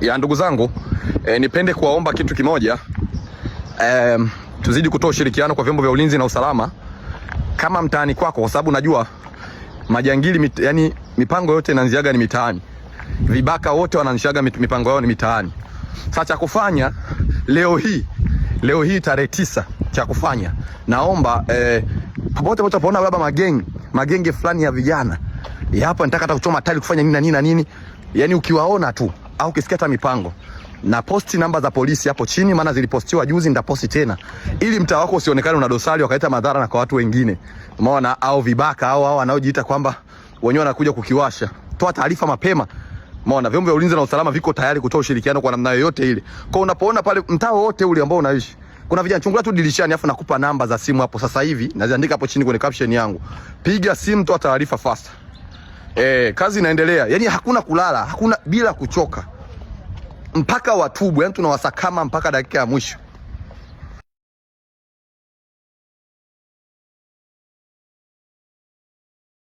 ya ndugu zangu e, nipende kuwaomba kitu kimoja e, tuzidi kutoa ushirikiano kwa vyombo vya ulinzi na usalama kama mtaani kwako, kwa sababu najua majangili mit, yani mipango yote inaanziaga ni mitaani. Vibaka wote wananishaga mipango yao ni mitaani. Sasa cha kufanya leo hii leo hii tarehe tisa, cha kufanya naomba eh, popote popote unapoona baba magengi magenge fulani ya vijana ya hapa, nataka hata kuchoma tali kufanya nini na nini na nini, yani ukiwaona tu au kisikia hata mipango na posti namba za polisi hapo chini, maana zilipostiwa juzi, nitaposti tena ili mtaa wako usionekane una dosari wakaleta madhara na kwa watu wengine, umeona, au vibaka au wanaojiita kwamba wenyewe wanakuja kukiwasha. Toa taarifa mapema, umeona. Vyombo vya ulinzi na usalama viko tayari kutoa ushirikiano kwa namna yoyote ile. Kwa unapoona pale mtaa wote ule ambao unaishi kuna vijana, chungulia tu dirishani, afu nakupa namba za simu hapo sasa hivi, naziandika hapo chini kwenye caption yangu. Piga simu, toa taarifa fasta eh, kazi inaendelea, yani hakuna kulala, hakuna bila kuchoka mpaka watubu, yani tunawasakama mpaka dakika ya mwisho.